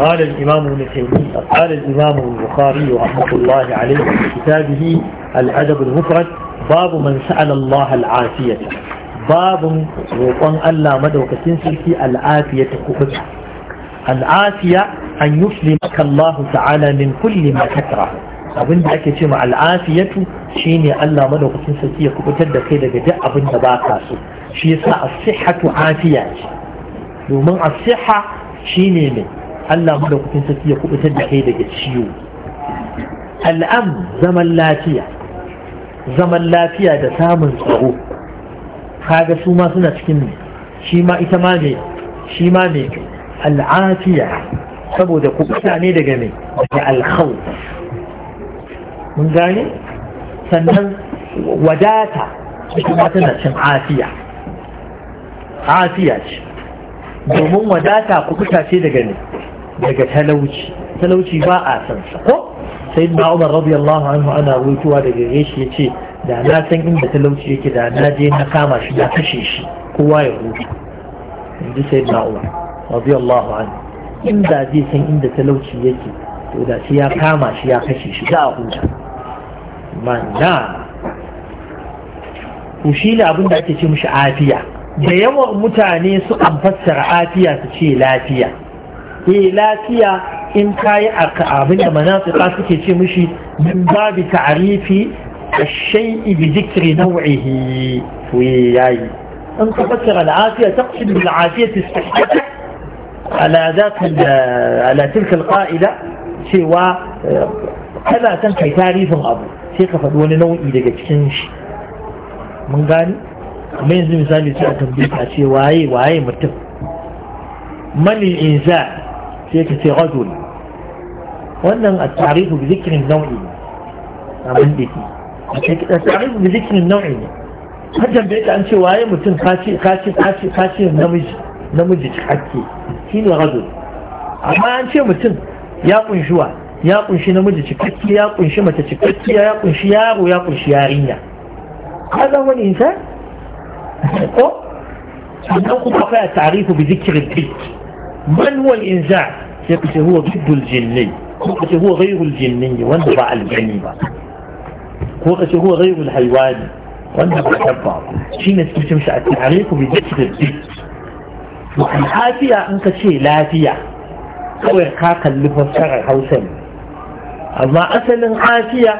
قال الإمام ابن تيمية قال الإمام البخاري رحمة الله عليه في كتابه الأدب المفرد باب من سأل الله العافية باب روقان ألا مدوك تنسلكي العافية كفتا العافية أن يسلمك الله تعالى من كل ما تكره abin da ake ce ma al'afiyatu shine Allah madaukakin sarki ya kubutar da kai daga duk abin da baka so shi yasa as-sihhatu afiya ce domin as-sihha shine ne Allah madaukakin sarki ya kubutar da kai daga ciwo al'am zaman lafiya zaman lafiya da samun tsaro kaga su ma suna cikin ne shi ma ita ma ne shi ma ne al'afiya saboda kubuta ne daga mai da alkhawf mun gane sannan wadata ita ma tana cin afiya afiya ce domin wadata kubuta ce daga ne daga talauci talauci ba a sansa ko sai na umar radiyallahu anhu ana rutuwa daga gare ya ce da na san inda talauci yake da na je na kama shi na kashe shi kowa ya hutu inji sai na umar radiyallahu anhu inda zai san inda talauci yake to da shi ya kama shi ya kashe shi da a huta manna ku shi ne abin da ake ce mishi afiya da yawan mutane su an fassara afiya su ce lafiya eh lafiya in kayi abin da manasika suke ce mishi min babi ta'arifi الشيء بذكر نوعه وياي ان تفسر العافية تقصد بالعافية الصحية على ذات على تلك القائدة سوى كذا تنكي تعريف أبو سيقى فدون نوعي لك تكنش من قال من يزل مثال يسأل تنبيك سوى واي واي متف من الإنسان في رجل وأن التعريف بذكر النوع عمل بكي التعريف بذكر النوع حتى بيت أن شوائي متن خاشي خاشي خاشي خاشي نمج نمج حكي كين رجل أما أن شو متن يقون شوا يقون شي نمج حكي يقون شي متى حكي يقون شي يار ويقون شي يارين هذا هو الإنسان أو أنه قد التعريف بذكر البيت من هو الإنزاع سيقول هو ضد الجني هو غير الجني وانضع الجني وقت هو غير الحيوان وانضع الجبار شيء نسكت مش التعريف بذكر الضد الحافية أنك شيء لا فيها kawai ka kalli fassarar hausa ne amma asalin afiya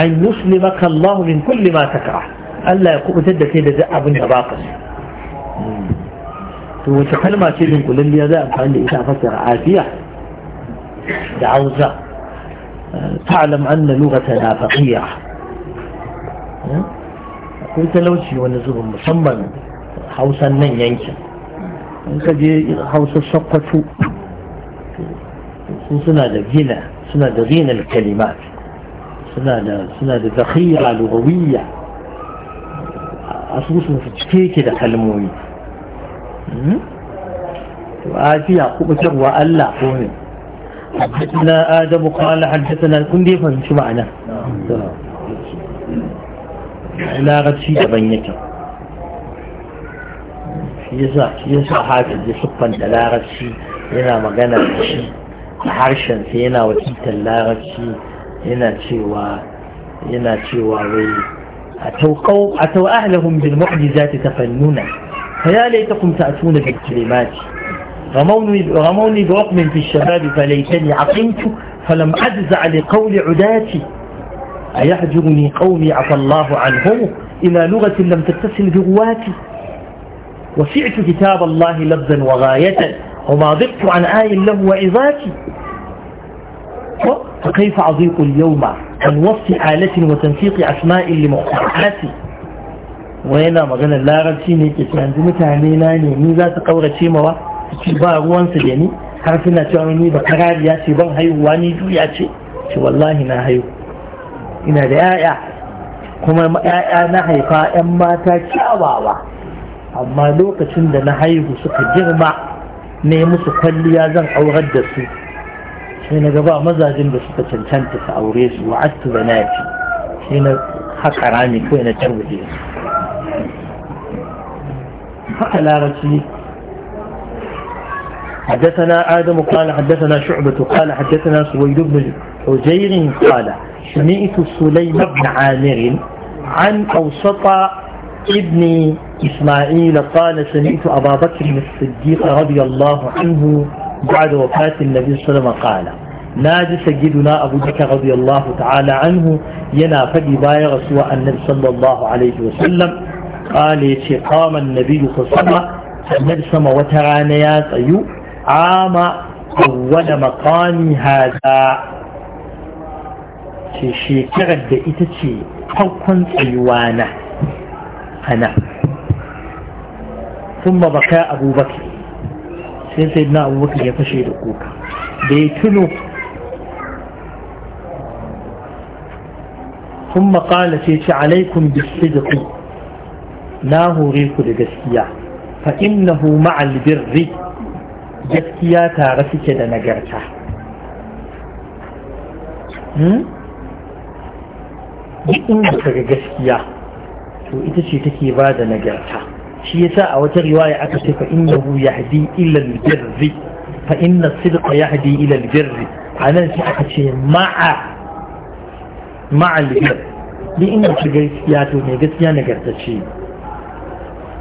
an yusli maka Allah min kulli ma taka Allah ya kubutar da kai da to wace kalma ce din kulalliya za a fara da ita a fasara afiya da hausa ta'lam anna lughata na ko ta lauci wani zubin musamman hausan nan yankin in ka je hausa sakwato sun suna da gina suna da zinar kalimat suna da suna da zakhira lughawiyya asusun su cike yake da kalmomi وآسيا قبتر وألا قومي حدثنا آدم قال حدثنا كن دي فهمت معنا لا غتشي تبينك يسا يسا حافظ يسقا لا غتشي هنا مغانا غتشي harshen sai yana wakiltar larabci yana cewa yana cewa wai a tauƙau a tau ahlahum bil mu'jizati tafannuna فيا ليتكم تأتون بالكلمات رموني, رموني بوقم في الشباب فليتني عقمت فلم أجزع لقول عداتي أيحجرني قومي عفى الله عنهم إلى لغة لم تتصل بغواتي وسعت كتاب الله لبزا وغاية وما ضقت عن آي له وعظاتي فكيف أضيق اليوم عن وصف آلة وتنسيق أسماء لمقترحاتي wai yana maganar larabci ne ke ce yanzu mutane na ne ni za su kaurace mawa su ci ba ruwansu da ni har suna cewa ni ba karariya ce ban haihuwa ni juya ce ce wallahi na haihu ina da yaya kuma yaya na haifa yan mata kyawawa amma lokacin da na haihu suka girma ne musu kwalliya zan aurar da su sai na gaba mazajin da suka cancanta su aure su wa'attu ce sai na haƙa rami kawai na tarwaje su haka larabci حدثنا آدم قال حدثنا شعبة قال حدثنا سويد بن حجير قال سمعت سليم بن عامر عن أوسط ابن إسماعيل قال سمعت أبا بكر الصديق رضي الله عنه بعد وفاة النبي صلى الله عليه وسلم قال ناجي سجدنا أبو بكر رضي الله تعالى عنه ينافق باية رسول النبي صلى الله عليه وسلم قال ce قام النبي صلى sama عليه sama wata rana ya tsayu ama أول مقام haza ce shekarar da ita ce farkon tsayuwa na ana sun baka abubakar sai sai na abubakar ya fashe da kuka da ya tuno sun makala ce ce alaikun kuka. na hore ku da gaskiya fa innahu ma'al birri gaskiya tare suke da nagarta in hmm? inda kaga gaskiya to ita ce take ba da nagarta shi yasa a wata riwaya aka ce fa innahu yahdi ila albirri fa inna sidqa yahdi ila albirri anan sai aka ce ma'a ma'a albirri duk inda kaga gaskiya to ne gaskiya ce.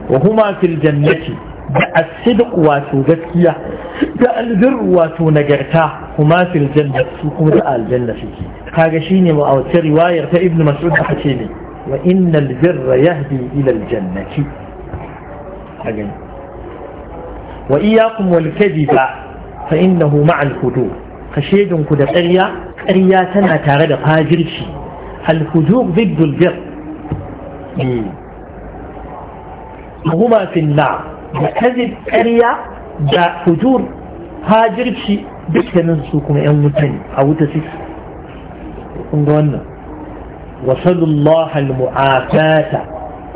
وهما في الجنة الصدق واتو جسكية الذر واتو نجرتا هما في الجنة سوكم دعا الجنة فيه كاغشيني في رواية ابن مسعود حكيمي وإن الذر يهدي إلى الجنة أجل وإياكم والكذب فإنه مع الهدوء خشيد كد قرية قرية تنا تارد قاجرشي الهدوء ضد البر إيه. huma finna da kazib ƙarya da hujur hajirci dukkanin su kuma yan wuta a wuta su kun ga wannan wasallallahu almu'afata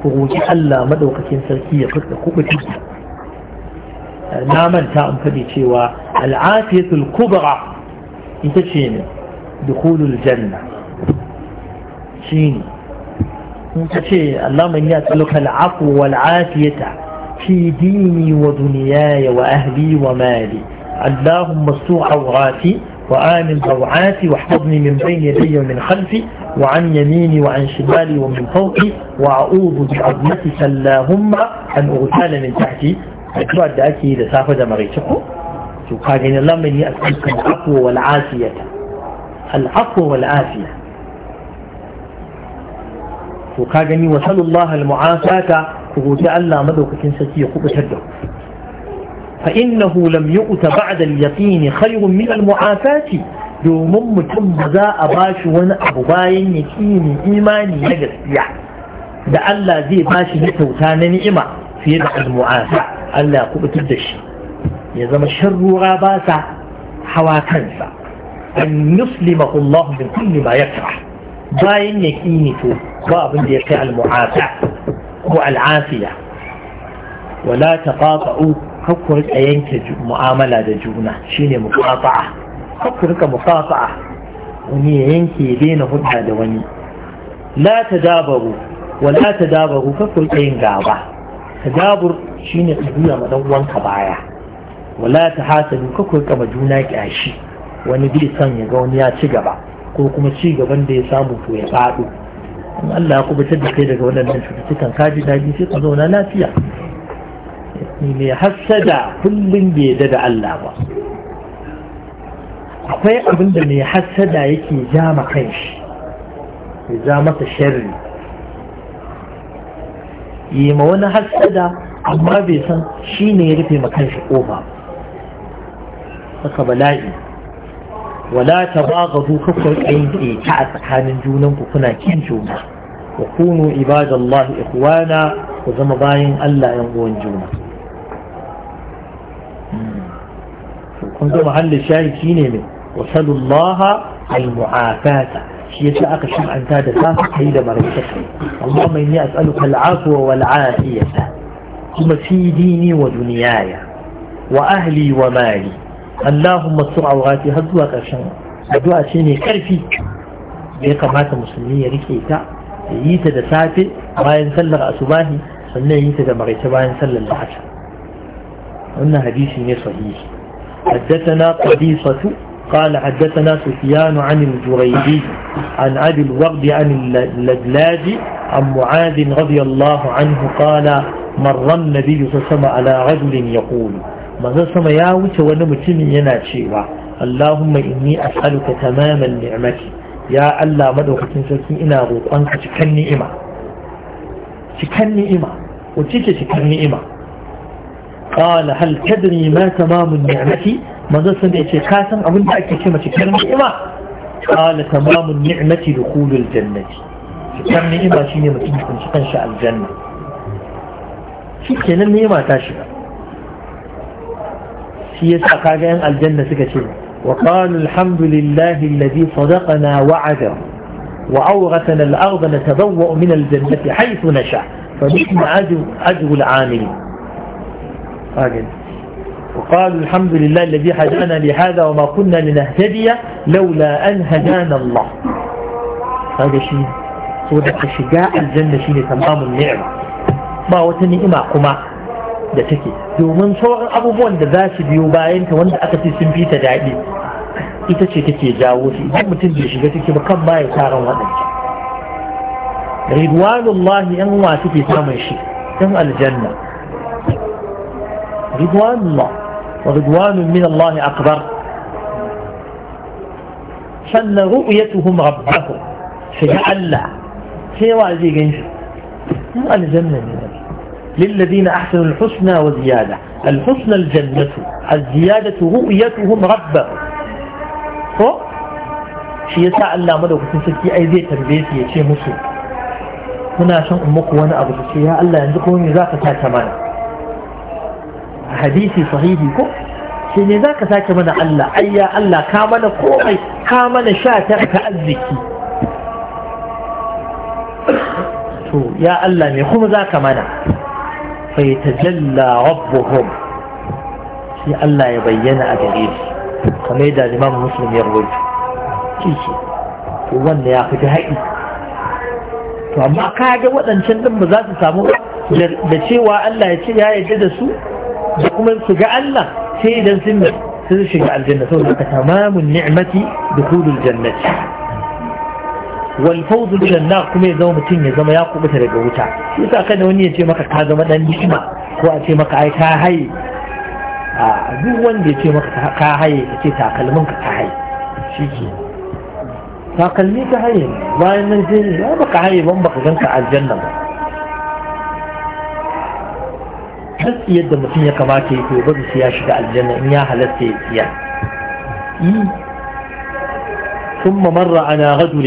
ku roki Allah madaukakin sarki ya fuska kubutu na manta an faɗi cewa al'afiyatul kubra ita ce ne dukhulul janna in ka ce Allah man ya tsaluka al'afu wal afiyata fi dini wa duniyaya wa ahli wa mali اللهم استر عوراتي وآمن روعاتي واحفظني من بين يدي ومن خلفي وعن يميني وعن شمالي ومن فوقي وأعوذ بعظمتك اللهم أن أغتال من تحتي أكبر دعكي إذا سافر دمريتكو إن الله من يأكلك العفو والعافية العفو والعافية to ka gani wa sallallahu al-mu'afata ku goce Allah madaukakin sarki ya kubutar da fa innahu lam yu'ta ba'da al-yaqin khayrun min al-mu'afati domin mutum ba za a bashi wani abu bayan yaqini imani na gaskiya da Allah zai bashi na kyauta na ni'ima fiye da al-mu'afa Allah ya kubutar da shi ya zama sharrura ba sa hawa kansa an yuslimahu Allah min kulli ma yakrah bayan ya ƙini to ba abin da ya kai al-mu'afa ko al'afiya wala taqata'u hakku rika yanke mu'amala da juna shine muqata'a hakku rika muqata'a wani ya yanke ya daina hudda da wani la ta dabaru, wala tadabaru hakku rika yin gaba tadabur shine tsibiya ma dan uwanka baya wala ta tahasadu hakku rika ma juna ƙyashi. wani bai son ya ga wani ya ci gaba ko kuma ci gaban da ya samu to ya faɗo in Allah ya kubutar da kai daga waɗannan cututtukan ka ji daɗi sai ka zauna lafiya ni ne hassada kullum bai yadda da Allah ba akwai abin da mai hassada yake ja ma kanshi ya ja masa sharri yi ma wani hassada amma bai san shi ne ya rufe ma kanshi ƙofa saka bala'i wala ta ba ga duka ta a tsakanin junan kuna kin juna ku kunu ibadan ku zama bayan Allah yan uwan juna kun zama halin shayi shi ne mai wasalu Allah al-mu'afata shi ya aka shim'anta da za su da marasa amma mai ne a tsalu kal'afu wa wal'afiyata kuma fi dini wa duniyaya wa ahli wa mali اللهم استر عوراتي هل دعاء كرشن دعاء شيني كرفي بيقى مات مسلمية ركيتا ييتا دسافي باين صلى رأسباهي سنة ييتا دمغيتا باين صلى اللحشا أن حديثي صحيح حدثنا قديسة قال حدثنا سفيان عن الجريدي عن عبد الوغد عن اللجلاج عن معاذ رضي الله عنه قال مر النبي صلى الله عليه وسلم على رجل يقول manzon sama ya wuce wani mutumin yana cewa Allahumma inni as'aluka tamaman ni'mati ya Allah madaukakin sarki ina roƙonka cikan ni'ima cikan ni'ima wace cike cikan ni'ima qala hal tadri ma tamamun ni'mati manzon sama yace ka san abin da ake cewa cikan ni'ima qala tamamun ni'mati dukhulul jannati cikan ni'ima shine mutum ya kunshi kanshi aljanna shi kenan ni'ima ta shiga shi yasa kaga yan aljanna suka ce wa qalu alhamdulillahi alladhi sadaqana wa'ada wa awratana al-ard natabawwa min al-jannati haythu nasha fa ni'ma ajru ajru al-amilin kaga وقالوا الحمد لله الذي هدانا لهذا وما كنا لنهتدي لولا أن هدانا الله هذا شيء صدق شجاع الجنة شيء تمام النعمة ما وتنئما قما da take domin sauran abubuwan da za su biyo bayanta wanda aka ce sun fita daɗi ita ce take jawo shi idan mutum bai shiga take ba kan baya taron waɗancan ridwanullahi yan wa suke samun shi yan aljanna ridwanullah wa ridwanun min Allah akbar sannan ru'yatuhum rabbahum shiga Allah sai wa zai gan shi yan aljanna ne للذين أحسنوا الحسنى وزيادة الحسنى الجنة الزيادة رؤيتهم رب صح شيء سأل الله ملوك تنسكي أي ذي تنبيتي شيء مسلم هنا شن أمك وانا أبو فيها ألا ينزقهم ذاك ساك منا حديثي صحيح كو شيء ذاك ساك منا ألا أي ألا كامنا قوحي كامنا شاتر كأذكي يا الله ني خمزا كمانا faitajalla rabbuhum shi Allah ya bayyana a gare shi kamar yadda imam muslim ya rubuta shi shi to wanda ya to amma ka ga waɗancan din ba zasu su samu da cewa Allah ya ce ya yarda da su da kuma su ga Allah sai idan sun sun shiga aljanna saboda ka tamamun ni'mati dukulul jannati wal fawz min nar kuma ya zama mutum ya zama ya kubuta daga wuta yasa kada wani ya ce maka ka zama dan ni'ima ko a ce maka ai ka haye a duk wanda ya ce maka ka haye ka ce takalmin ka ka haye shike takalmi ka haye bayan nan sai ne ba ka haye ban baka ganka aljanna ba duk yadda mutum ya kamata ya koyi babu sai ya shiga aljanna in ya halatta ya tsiya ثم مر على رجل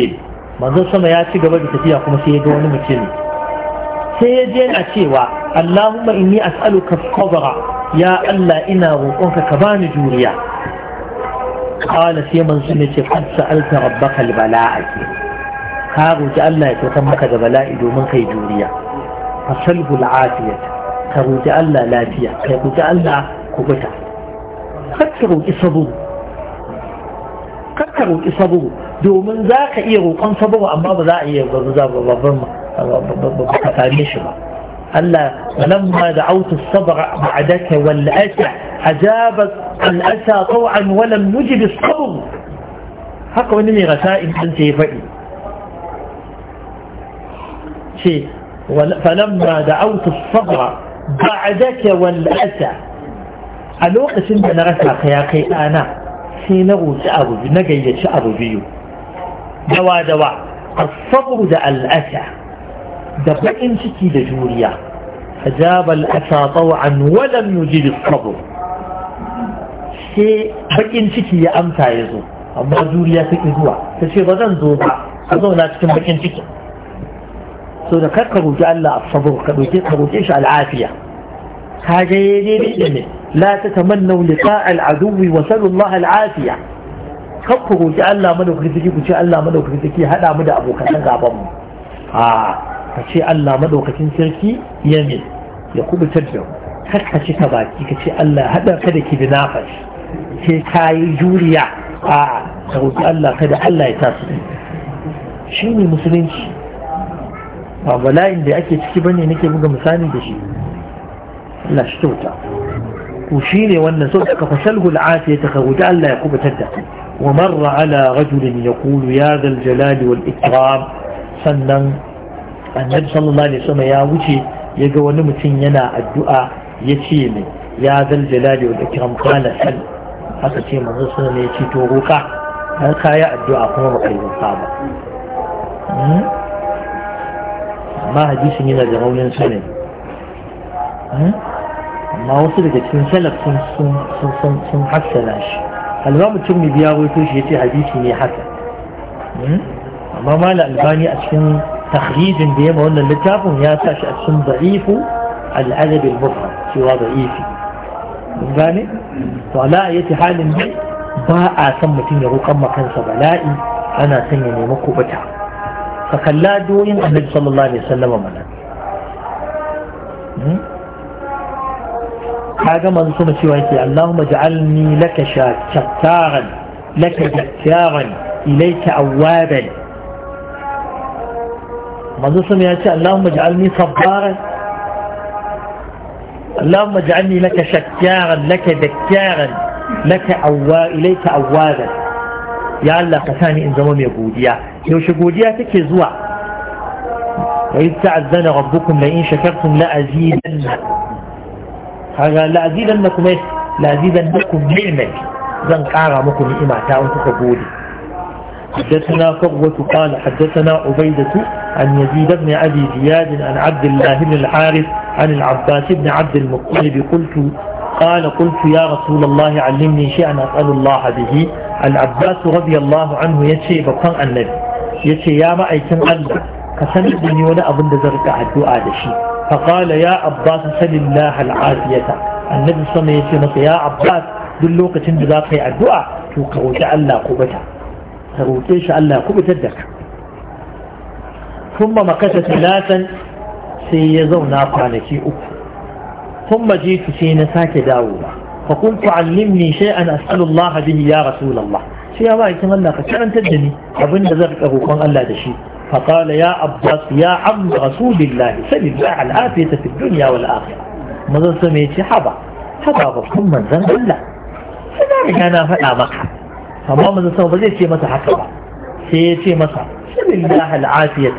manzon sama ya ci gaba da tafiya kuma sai ya ga wani mutum sai ya je a cewa Allahumma inni as'aluka sabra ya Allah ina roƙonka ka bani juriya qala sai manzon ne ce qad sa'alta rabbaka al-bala'a ka roki Allah ya saukar maka da bala'i domin kai juriya fasalhu al-afiya ka roki Allah lafiya ka roki Allah kubuta kakka roki saburu kakka domin za ka iya roƙon sabawa amma ba za a iya ba za babban ka same shi ba Allah lamma da autu sabara ba'adaka wal asa ajaba al asa taw'an wa lam nujib sabr haka wani mai rasa'in din sai ya faɗi ce falamma da autu sabara ba'adaka wal asa a lokacin da na rasa ka ya kai ɗana sai na roƙi abu na gayyaci abu biyu دوا دوا الصبر ذا الأسى دقائم شكي دجوريا فجاب الأسى طوعا ولم يجد الصبر شيء بقين شكي يا أمسى يزو أما جوريا تكذوا فشي غدن زوبا أظن لا تكن بقين شكي سوى كاكبو جعل الصبر كبو جيكبو جيش العافية هاجي يجي لا تتمنوا لقاء العدو وسلوا الله العافية kan ku roki Allah madaukakin sarki ku ce Allah madaukakin sarki hada mu da abokan gaban mu a ka ce Allah madaukakin sarki ya ne ya kubutar da mu kar ka ci ka baki ka ce Allah hada ka da kidnafas sai ka yi juriya a ka roƙi Allah kada Allah ya tasu shi ne musulunci ba bala'in da ake ciki bane nake buga misali da shi Allah shi kyauta to shi ne wannan so da ka fashalhu al'afiya ta ka roki Allah ya kubutar da kai ومر على رجل يقول يا ذا الجلال والإكرام سنن النبي صلى الله عليه وسلم يا وجه يقول نمتن ينا الدعاء يتيمي يا ذا الجلال والإكرام قال سل حتى في صلى الله عليه وسلم هل كايا الدعاء كما مقيم الصعبة ما حديث هذا جرون سنة ما وصل لك سلف سن سن سن سن حسن عشي alzamu turmi ya wato shi ce hadisi ne haka hmm? amma mala albani a cikin tahrijin da yamma wannan littafin ya sa shi a cikin da'ifu al'adab al-mufrad cewa da'ifi mun gane to ala halin bi ba a san mutum ya roƙan makansa bala'i ana son ya nemi kubuta ka kalla doyin annabi sallallahu alaihi wasallam mana hmm? هذا ما نسمى شوية اللهم اجعلني لك شكارا لك شكارا إليك أوابا ما نسمى اللهم اجعلني صبارا اللهم اجعلني لك شكارا لك ذكارا لك أوا... إليك أوابا يا الله قساني إن زمام يقوديا يوش قوديا تكزوا وإذ تعذن ربكم لئن شكرتم لأزيدنكم kaga la'azidan na kuma la'azidan na kuma ni'imai zan kara muku ni'ima ta in kuka gode حدثنا قوة قال حدثنا عبيدة عن يزيد بن أبي زياد عن عبد الله بن الحارث عن العباس بن عبد المطلب قلت قال قلت يا رسول الله علمني شيئا أسأل الله به العباس رضي الله عنه يشي بطن النبي يشي يا ما أيتم الله ka sanar da ni wani abin da zan rika addu'a da shi فقال يا عباس سل الله العافية النبي صلى الله عليه وسلم يا عباس duk lokacin da za ka yi addu'a to ka roƙi Allah kubuta ka roƙe shi Allah kubutar da ka kuma makasa talatan sai ya zauna kwanaki uku kuma jitu sai na sake dawowa fa kun tu'allimni an as'alullah bihi ya rasulullah sai ya ba kin Allah ka karantar da ni abinda zan roƙon Allah da shi فقال يا عباس يا عم رسول الله سل الله العافية في الدنيا والآخرة ماذا سميت حبا حبا بكم من ذنب الله فذلك أنا فلا مقع فما ماذا سمي بزيتي مسا حكبا سيتي مسا سل الله العافية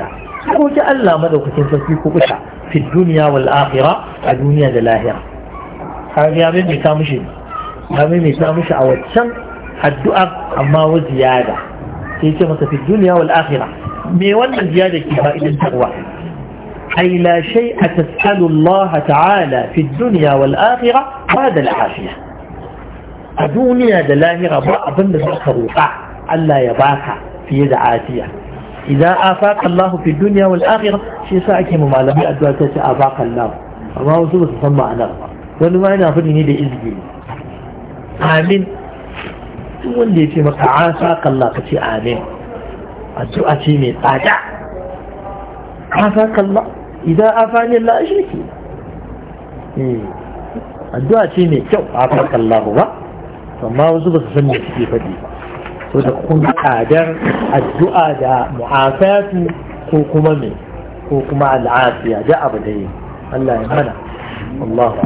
هو جاء الله ملوك تنسكيك بشع في الدنيا والآخرة الدنيا للآخرة هذا يا مين تامشي يا مين تامشي أو شم الدعاء أما وزيادة سيتي مسا في الدنيا والآخرة ميوان زيادة كفائد التقوى أي لا شيء تسأل الله تعالى في الدنيا والآخرة بعد العافية الدنيا دلاه رباء ضمن الخروفة ألا يباقى في يد عافية إذا آفاق الله في الدنيا والآخرة شيء سائك ممالبة أدوات آفاق الله الله سوف تصمع نغضر ونمعنا فرني بإذن آمين وليتي مقعا فاق الله فتي آمين addu'a ce mai tsada kalla idan afani Allah ashriki eh addu'a ce mai kyau afakallah ba amma wasu ba su san me suke faɗi ba so da kun tsadar addu'a da mu'afatu ko kuma me ko kuma al'afiya da abu da yi Allah ya mana Allah